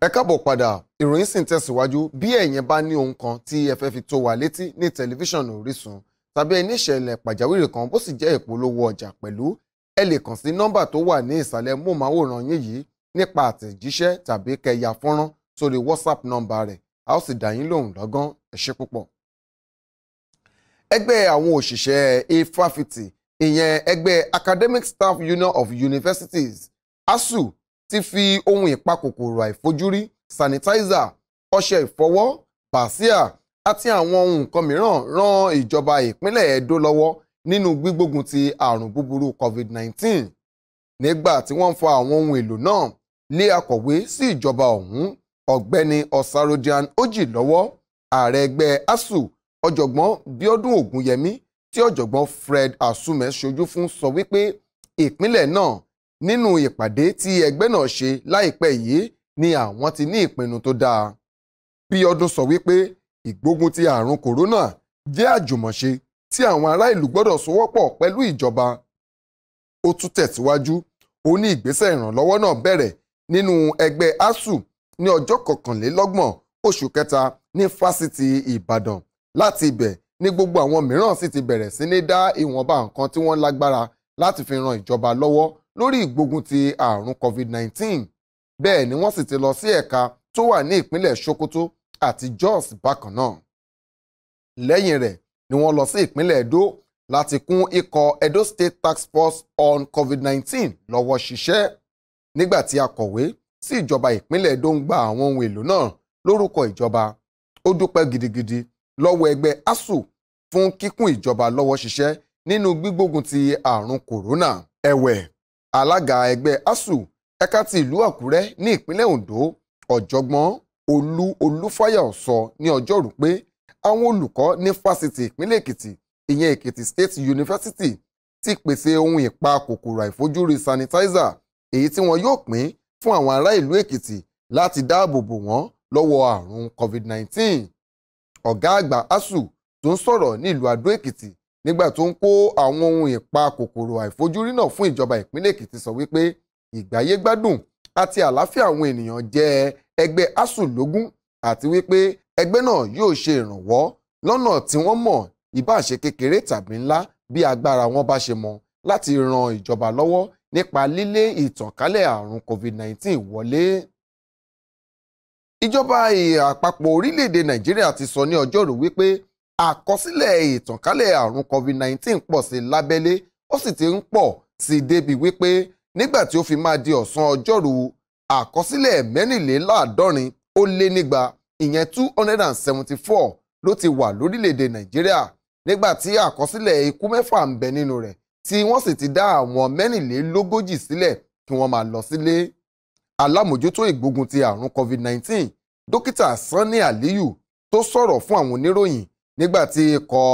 ẹ káàbọ̀ padà ìròyìn sì ń tẹ̀síwájú bí ẹ̀yin bá ní ohun kan tí ẹ fẹ́ fi tó wa létí ní tẹlifíṣàn Orísun tàbí ẹ ní ìṣẹ̀lẹ̀ pàjáwìrì kan bó sì jẹ́ ìpolówó ọjà pẹ̀lú ẹ lè kàn sí nọ́mbà tó wà ní ìsàlẹ̀ móhùnmáwòrán yín yìí nípa àtẹ̀jíṣẹ́ tàbí kẹyà fọ́nrán sórí WhatsApp nọ́mbà rẹ̀ a ó sì dá yín lóhùn lọ́gán ẹ ṣé púpọ̀. ẹgbẹ́ àwọn òṣìṣẹ́ ifáfitì ìyẹn ẹgbẹ́ Academic Staff Union of Universities ASUU ti fi ohun ìpakòkòrò àìfojúrí sanitizer ọṣẹ ìfọwọ́ bàsíà àti àwọn nǹkan mìíràn ran ìjọba ìpínlẹ̀ Ẹdó lọ́wọ́ nínú gbígbógun ti àrùn búburú COVID-19 nígbà tí wọ́n ń fa àwọn ohun èlò náà lé akọ̀wé sí ìjọba ọ̀hún ọ̀gbẹ́ni Ọ̀sàròdìan Ojì lọ́wọ́ ààrẹ ẹgbẹ́ ASUU ọ̀jọ̀gbọ́n Bíọ́dún Ògúnyẹmí tí ọ̀jọ̀gbọ́n Fred Asume ṣojú fún sọ wípé ìpínlẹ̀ náà nínú ìpàdé tí ẹgbẹ́ náà ṣe láìpẹ́ yìí ni àwọn ti ní ìpinnu tó dáa Bíọ́dún sọ wípé ìgbógun ti àrùn kòrónà jẹ́ àjùmọ̀ṣe tí àwọn ará ìlú gbọ́dọ̀ sowọ́pọ̀ pẹ̀lú ìjọba ó tún tẹ̀síwájú ó ní ìgbésẹ̀ ìrànlọ́wọ́ náà bẹ̀rẹ̀ nínú ẹgbẹ́ ASUU ní ọjọ́ kọkànlélọ́gbọ̀n oṣù kẹta ní fásitì Ìbàdàn láti ibẹ̀ ní gbogbo àwọn mìíràn sì ti bẹ̀rẹ̀ sí ní dá ìwọ̀nba nǹkan tí wọ́n lágbára láti fi ran ìjọba lọ́wọ́ lórí ìgbógun ti àrùn COVID-19 bẹ́ẹ̀ ni wọ́n sì ti lọ sí ẹ̀ka tó wà ní ìpínlẹ̀ Sokoto àti Jos bákan náà lẹ́yìn rẹ̀ ni wọ́n lọ sí ìpínlẹ̀ Edo láti kún ikọ̀ Edo State Task Force on COVID-19 lọ́wọ́ ṣiṣẹ́ nígbà tí akọ̀wé sí ìjọba ìpínlẹ̀ Edo ń gba àwọn ohun èlò náà lórúkọ ìjọba ó dúpẹ́ gidigidi lọ́wọ́ ẹgbẹ́ ASUU fún kíkún ìjọba lọ́wọ́ ṣiṣẹ́ nínú gbígbógun ti àrùn corona, ẹ̀wẹ̀ alága ẹgbẹ́ asuu ẹ̀ka ti ìlú àkúrẹ́ ní ìpínlẹ̀ ondo ọ̀jọ̀gbọ́n olú olúfáyọ̀ sọ ní ọjọ́rú pé àwọn olùkọ́ ní fásitì ìpínlẹ̀ èkìtì ìyẹn èkìtì state university ti pèsè ohun ìpa kòkòrò àìfojúrí sanitizer èyí tí wọn yóò pín fún àwọn ará ìlú èkìtì láti dáàbò bò wọ́n lọ́wọ́ àrùn covid-19 ọ̀gá àgbà asu tó ń sọ̀rọ̀ ní adó èkìtì nígbà tó ń kó àwọn ohun ìpa kòkòrò àìfojúrí náà fún ìjọba ìpínlẹ̀ Èkìtì sọ wípé ìgbáyégbádùn àti àlàáfíà àwọn ènìyàn jẹ́ ẹgbẹ́ asùn lógún àti wípé ẹgbẹ́ náà yóò ṣe ìrànwọ́ lọ́nà tí wọ́n mọ̀ ìbáṣe kékeré tàbí ńlá bí agbára wọn bá ṣe mọ láti ran ìjọba lọ́wọ́ nípa lílé ìtànkálẹ̀ àrùn COVID-19 wọlé. Ìjọba àpapọ̀ orílẹ̀-èdè Nàìjíríà ti sọ ní ọjọ́rú wípé àkọsílẹ̀ ìtànkálẹ̀ àrùn covid-19 pọ̀ sí lábẹ́lé ó sì ti ń pọ̀ sí débi wípé nígbà tí ó fi máa di ọ̀sán ọjọ́rú àkọsílẹ̀ mẹ́rìnléláàádọ́rin ó lé nígba ìyẹn two hundred and seventy four ló ti wà lórílẹ̀‐èdè nàìjíríà nígbà tí àkọsílẹ̀ ikú mẹ́fà ń bẹ nínú rẹ̀ tí wọ́n sì ti dá àwọn mẹ́rìnlélógójì sílẹ̀ kí wọ́n máa lọ sílé alámòjútó ìgbógun ti àrùn covid-19 dókítà sanni aliyu tó sọ̀rọ̀ fún àwọn oníròyìn nígbà tí ikọ̀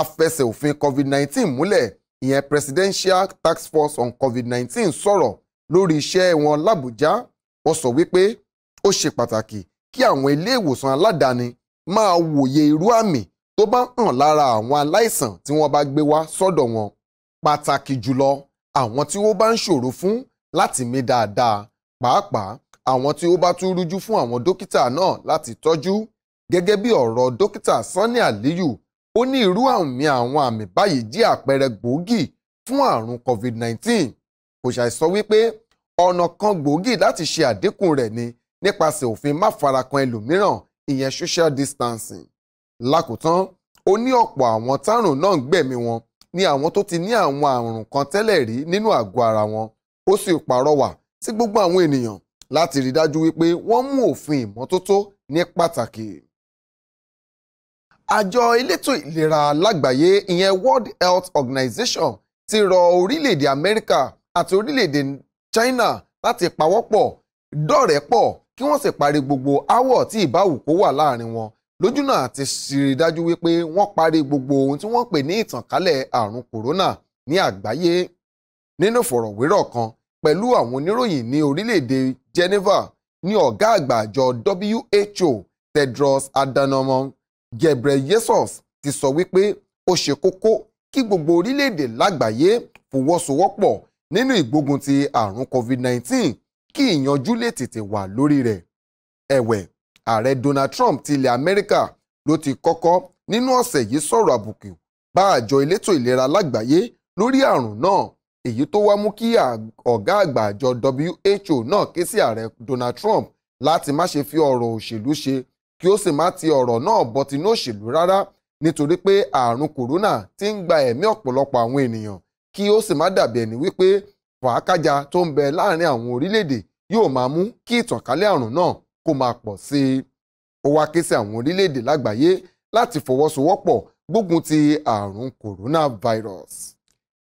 afẹsẹ̀ òfin COVID-19 múlẹ̀ ìyẹn Presidential Task Force on COVID-19 sọ̀rọ̀ lórí iṣẹ́ wọn làbújá ó sọ wípé ó ṣe pàtàkì kí àwọn ilé ìwòsàn aládàáni máa wòye irú àmì tó bá hàn lára àwọn aláìsàn tí wọ́n bá gbé wá sọ́dọ̀ wọn pàtàkì jùlọ àwọn tí ó bá ń ṣòro fún láti mí dáadáa pàápàá àwọn tí ó bá tún rújú fún àwọn dókítà náà láti tọ́jú gẹ́gẹ́ bí ọ̀rọ̀ dókítà Sani Aliyu ó ní irú àmì àwọn àmì báyìí jẹ́ àpẹẹrẹ gbòógì fún àrùn COVID-19 kò ṣàìsọ wípé ọ̀nà kan gbòógì láti ṣe àdínkù rẹ̀ ni nípasẹ̀ òfin má farakan ẹlòmíràn ìyẹn social distancing lákòótán ó ní ọ̀pọ̀ àwọn tárùn náà ń gbẹ̀mí wọn ní àwọn tó ti ní àwọn àrùn kan tẹ́lẹ̀ rí nínú àgọ́ ara wọn ó sì pàrọwà sí gbogbo àwọn ènìyàn láti rí dájú wípé wọ́n mú òfin ìmọ́tótó ní pàtàkì àjọ elétò ìlera lágbàáyé ìyẹn World Health Organization ti rọ orílẹ̀-èdè Amẹ́ríkà àti orílẹ̀-èdè China láti pawọ́pọ̀ dọ̀rẹ́ pọ̀ kí wọ́n sì parí gbogbo áwọ̀ tí ìbáwù kó wà láàrin wọn lójúnà àti ṣìrì dájú wípé wọ́n parí gbogbo ohun tí wọ́n pè ní ìtànkálẹ̀ àrùn kòrónà ní àgbáyé nínú ìfọ̀rọ̀wérọ̀ kan pẹ̀lú àwọn oníròyìn ní orílẹ̀-èdè Geneva ní ọ̀gá àgbà àjọ WHO Tedros Adhanom Ghebreyesus ti sọ wípé ó ṣe kókó kí gbogbo orílẹ̀-èdè lágbàáyé fọwọ́sowọ́pọ̀ nínú ìgbógun ti àrùn COVID-19 kí ìyanjú lè tètè wà lórí rẹ̀. ẹ̀wẹ̀ ààrẹ Donald Trump ti ilẹ̀ Amẹ́ríkà ló ti kọ́kọ́ nínú ọ̀sẹ̀ yìí sọ̀rọ̀ àbùkù bá àjọ elétò ìlera lágbàáyé lórí àrùn náà èyí tó wá mú kí ọ̀gá àgbà àjọ WHO náà ké sí ààrẹ Donald Trump láti má ṣe fi ọ̀rọ̀ òṣèlú ṣe kí ó sì má ti ọ̀rọ̀ náà bọ́ tinú òṣèlú rárá nítorí pé àrùn kòrónà ti ń gba ẹ̀mí ọ̀pọ̀lọpọ̀ àwọn ènìyàn kí ó sì má dàbí ẹni wípé fàákájà tó ń bẹ láàrin àwọn orílẹ̀-èdè yóò máa mú kí ìtànkálẹ̀ àrùn náà kó máa pọ̀ sí i. ó wá ké sí àwọn orílẹ̀-èdè lágbàáyé láti fọwọ́sowọ́pọ̀ gbógun ti àrùn coronavirus.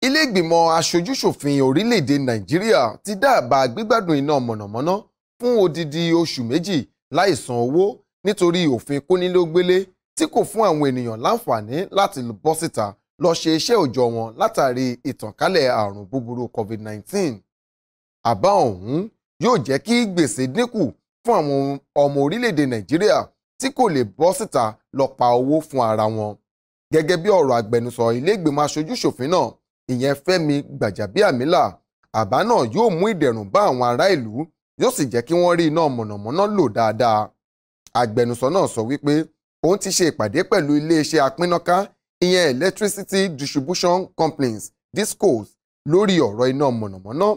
ilé ìgbìmọ̀ aṣojúṣòfin orílẹ̀-èdè nàìjíríà ti dáàbà gbígbádùn iná mọ̀nàmọ́ná fún odidi oṣù méjì láìsan owó nítorí òfin kónílógbélé tí kò fún àwọn ènìyàn láǹfààní láti bọ́ síta lọ ṣe iṣẹ́ òòjọ́ wọn látàrí ìtànkálẹ̀ àrùn búburú COVID-19. àbá ọ̀hún yóò jẹ́ kí gbèsè dínkù fún àwọn ọmọ orílẹ̀-èdè nàìjíríà tí kò lè bọ́ síta lọ pa owó fún ara wọn. gẹ́gẹ́ bí ọ̀rọ̀ agbẹnusọ ilé-ìgbìmọ̀ aṣojú-ṣòfin náà ìyẹn fẹ́mi gbàjàbíàmílà àbá náà yóò mú ìdẹ̀rùn bá àwọn ará ìlú yóò sì jẹ́ kí wọ́n rí iná mọ̀nàmọ́ná lò dáadáa agbẹnusọ náà sọ wípé òun ti ṣe ìpàdé pẹ̀lú iléeṣẹ́ apínnáká ìyẹn electricity distribution companies discos lórí ọ̀rọ̀ iná mọ̀nàmọ́ná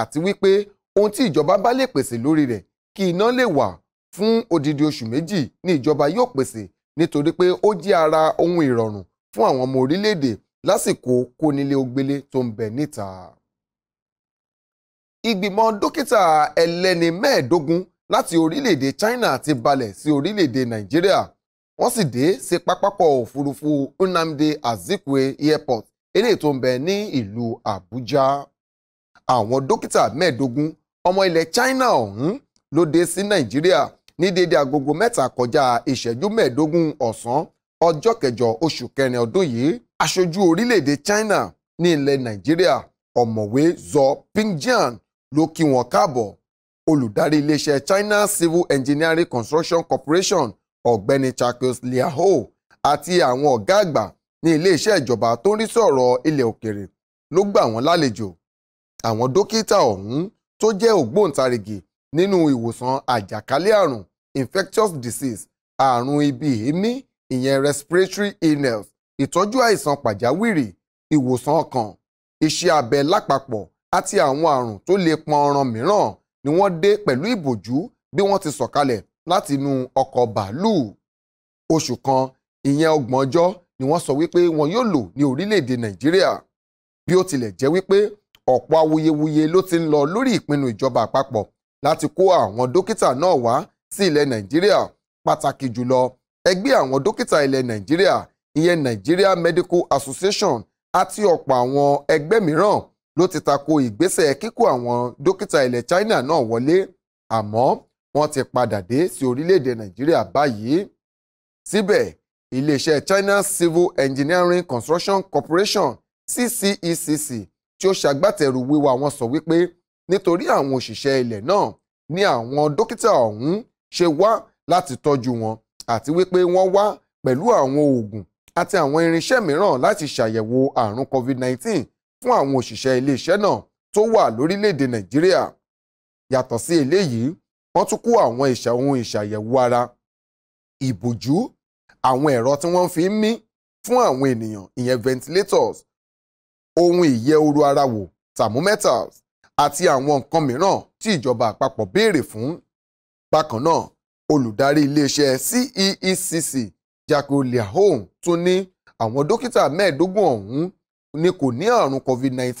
àti wípé ohun tí ìjọba bá lè pèsè lórí rẹ̀ kí iná lè wà fún odidi oṣù méjì ní ìjọba yóò pèsè nítorí pé ó jẹ́ ara ohun ìrọ̀rùn fún àwọn ọmọ orílẹ̀ lásìkò kónílé ó tó ń bẹ níta. ìgbìmọ̀ dókítà ẹlẹ́ni mẹ́ẹ̀ẹ́dógún láti orílẹ̀-èdè China ti balẹ̀ sí orílẹ̀-èdè Nàìjíríà wọ́n sì dé sí pápákọ̀ òfurufú Nnamdi Azikiwe airport eléyìí tó ń bẹ ní ìlú Àbújá àwọn dókítà mẹ́ẹ̀ẹ́dógún ọmọ ilẹ̀ China ọ̀hún ló dé sí Nàìjíríà ní déédé agogo mẹ́ta kọjá ìṣẹ́jú mẹ́ẹ̀ẹ́dógún ọ̀sán ọjọ́ kẹjọ oṣù kẹrin ọdún yìí aṣojú orílẹ̀-èdè China ní ilẹ̀ Nàìjíríà ọ̀mọ̀wé Zọ Pingjian ló kí wọn káàbọ̀ olùdarí iléeṣẹ́ China Civil Engineering Construction Corporation ọ̀gbẹ́ni Charles Liaho àti àwọn ọ̀gá àgbà ní iléeṣẹ́ ìjọba tó ń rí sí ọ̀rọ̀ ilẹ̀ òkèrè ló gbà wọ́n lálejò àwọn dókítà ọ̀hún tó jẹ́ ògbóǹtarìgì nínú ìwòsàn àjàkálẹ̀ àrùn infectious disease àrùn ibi èémí ìyẹn respiratory illness ìtọ́jú àìsàn pàjáwìrì ìwòsàn ọkàn iṣẹ́ abẹ lápapọ̀ àti àwọn àrùn tó lè pọn ọ̀ràn mìíràn ni wọ́n dé pẹ̀lú ìbòjú bí wọ́n ti sọ̀kalẹ̀ láti inú ọkọ̀ bàálù oṣù kan ìyẹn ọgbọ̀n ọjọ́ ni wọ́n sọ wípé wọn yóò lò ní orílẹ̀-èdè nàìjíríà bí ó tilẹ̀ jẹ́ wípé ọ̀pọ̀ awuyewuye ló ti ń lọ lórí ìpinnu ìjọba àpapọ̀ láti kó àwọn dókítà náà wá sí ilẹ̀ nàìjíríà pàtàkì jùlọ ẹgbẹ́ àwọn dókítà ilẹ̀ nàìjíríà ìyẹn Nigeria Medical Association àti ọ̀pọ̀ àwọn ẹgbẹ́ mìíràn ló ti tako ìgbésẹ̀ kíkó àwọn dókítà ilẹ̀ China náà wọlé àmọ́ wọ́n ti padà dé sí orílẹ̀-èdè Nàìjíríà báyìí síbẹ̀ iléeṣẹ́ China Civil Engineering Construction Corporation CCECC e tí ó ṣagbátẹrù wíwá wọn sọ wípé nítorí àwọn òṣìṣẹ́ ilẹ̀ náà ni àwọn dókítà ọ̀hún ṣe wá láti tọ́jú wọn àti wípé wọ́n wá pẹ̀lú àwọn oògùn àti àwọn irinṣẹ́ mìíràn láti ṣàyẹ̀wò àrùn COVID-19 fún àwọn òṣìṣẹ́ iléeṣẹ́ náà tó wà lórílẹ̀‐èdè nàìjíríà yàtọ̀ sí eléyìí wọ́n tún kó àwọn ìṣà ohun ìṣàyẹ̀wò ara ìbòjú àwọn ẹ̀rọ tí wọ́n fi ń mí fún àwọn ènìyàn ìyẹn ventilators ohun ìyẹ oru ara wò thermometers àti àwọn nǹkan mìíràn tí ìjọba àpapọ̀ béèrè fún bákan náà olùdarí iléeṣẹ́ CEECC Jaco Liahone tún ní àwọn dókítà mẹ́ẹ̀ẹ́dógún ọ̀hún ni kò ní àrùn covid-19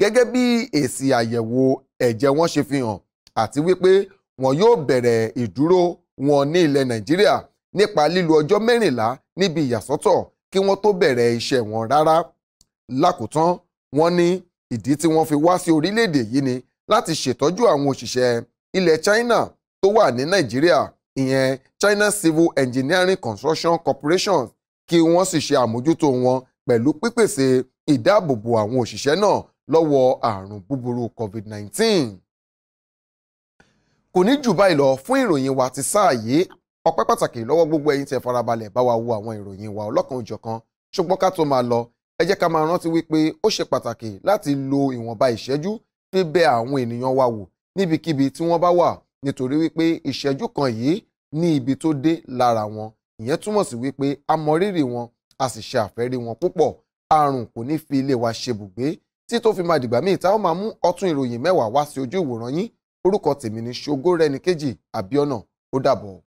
gẹ́gẹ́ bí èsì àyẹ̀wò ẹ̀jẹ̀ wọn ṣe fi hàn àti wípé wọn yóò bẹ̀rẹ̀ ìdúró wọn ní ilẹ̀ nàìjíríà nípa lílo ọjọ́ mẹ́rìnlá níbi ìyàsọ́tọ̀ kí wọ́n tó bẹ̀rẹ̀ iṣẹ́ wọn rárá lákòótán wọ́n ní ìdí tí wọ́n fi wá sí orílẹ̀-èdè yìí ni láti ṣètọ́jú àwọn òṣìṣẹ́ ilẹ̀ China tó wà ní Nàìjíríà ìyẹn China Civil Engineering Construction Corporation kí wọ́n sì ṣe àmójútó wọn pẹ̀lú pípèsè ìdáàbòbò àwọn òṣìṣẹ́ náà lọ́wọ́ àrùn búburú COVID-19. kò ní jù báyìí lọ fún ìròyìn wa ti sáà yìí ọpẹ́ pàtàkì lọ́wọ́ gbogbo ẹ̀yin tẹ́ farabalẹ̀ bá wa wo àwọn ìròyìn wa ọlọ́kan òjọ̀kan ṣùgbọ́n ká tó máa lọ ẹ jẹ́ ká máa rántí wípé ó ṣe pàtàkì láti lo ìwọ̀nba ìṣẹ́jú fi bẹ àwọn ènìyàn wa wò níbikíbi tí wọ́n bá wà nítorí wípé ìṣẹ́jú kan yìí ní ibi tó dé lára wọn ìyẹn túmọ̀ sí wípé a wọn a sì ṣe àfẹ́rí wọn púpọ̀ àrùn kò ní fi ilé wa ṣe bùgbé tí tó fi máa dìgbà míì tá ó máa mú ọtún ìròyìn mẹ́wàá wá sí ojú ìwòran yín orúkọ tèmi ni ṣògo rẹnìkejì àbíọ́nà ó dàbọ̀.